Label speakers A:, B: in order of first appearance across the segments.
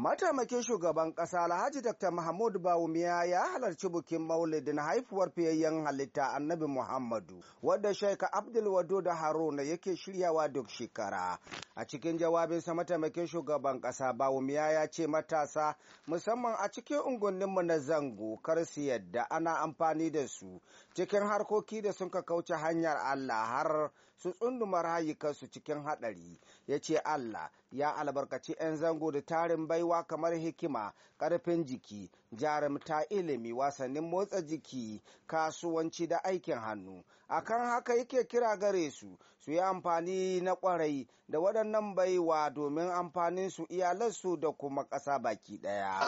A: Mataimakin shugaban ƙasa Alhaji Dr. Mahmud Bawumiya ya halarci bikin maulidin haifuwar fiyayyen halitta Annabi Muhammadu, wadda Shaika Abdulwado da Haruna yake shiryawa duk shekara. A cikin jawabinsa mataimakin shugaban ƙasa Bawumiya ya ce matasa musamman a cikin unguwanninmu na zango kar su yadda ana amfani da su cikin harkoki da sun ka kauce hanyar Allah har su tsunduma rayukansu cikin haɗari. Ya ce Allah ya albarkaci 'yan zango da tarin baiwa kamar hikima ƙarfin jiki jarumta ilimi wasannin motsa jiki kasuwanci da aikin hannu akan haka yake kira gare su su yi amfani na kwarai da waɗannan baiwa domin amfanin su iyalansu da kuma ƙasa baki ɗaya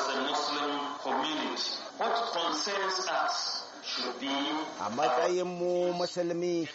A: a matsayin mu musulmi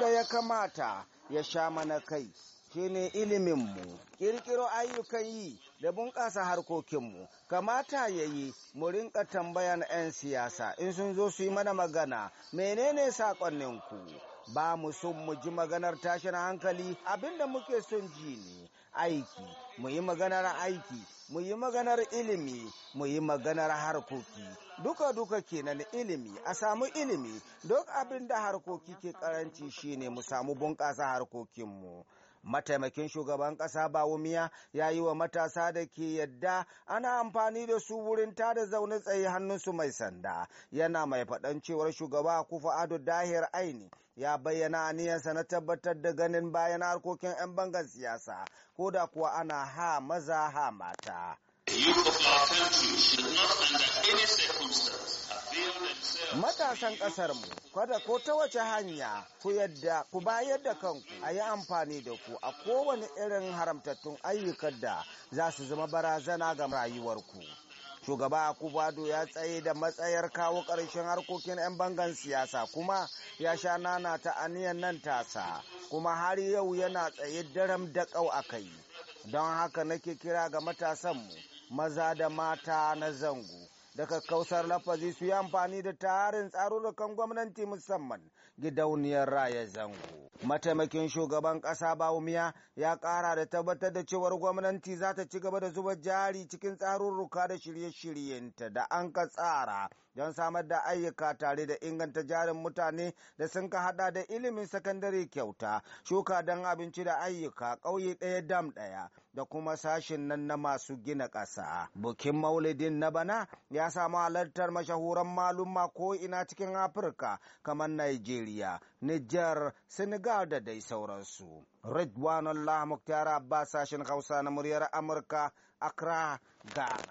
A: da ya kamata ya sha mana kai shine iliminmu, kirkiro ayyukan yi da bunƙasa harkokinmu, kamata ya yi mu rinka tambayan 'yan siyasa in sun zo su yi mana magana, menene saƙonninku? Ba mu sun mu ji maganar tashin hankali abinda muke son ji ne aiki, mu yi maganar aiki, mu yi maganar ilimi, mu yi maganar harkoki. Duka-duka kenan ilimi, a samu ilimi, duk abinda harkoki ke karanci shine mu samu bunƙasa harkokinmu. mataimakin shugaban ƙasa bawumiya ya yi wa matasa da ke yadda ana amfani da su wurin ta da zaune tsaye hannunsu mai sanda yana mai faɗan cewar shugaba kufa ado dahir aini ya bayyana aniyarsa na tabbatar da ganin bayan harkokin 'yan bangar siyasa ko da kuwa ana ha maza ha mata. matasan son ƙasarmu, kada ko ta wace hanya ku yadda ku bayar da kanku a yi amfani da ku a kowane irin haramtattun ayyukan da za su zama barazana ga rayuwarku. shugaba kubado ya tsaye da matsayar kawo ƙarshen harkokin 'yan bangan siyasa kuma ya sha nana ta aniyan nan tasa kuma har yau yana tsaye daram da ƙau a kai don haka nake kira ga matasanmu maza da mata na zango Daga kausar lafazi su yi amfani da tarin tsarurrukan gwamnati musamman gidauniyar raya zango. Mataimakin shugaban ƙasa Bawumiya ya ƙara da tabbatar da cewar gwamnati za ta ci gaba da zuba jari cikin tsarurruka da shirye-shiryenta da an ka tsara don samar da ayyuka tare da inganta jarin mutane da sun ka hada da ilimin sakandare kyauta, shuka don abinci da ayyuka, ƙauye ɗaya dam ɗaya da kuma sashen nan na masu gina ƙasa. Bukin maulidin na bana ya ya samu halartar mashahuran malumma ko ina cikin Afirka kamar Nigeria, Niger, Senegal da dai sauransu. allah Muktar Abbas sashen Hausa na muryar Amurka, Accra, Ghana.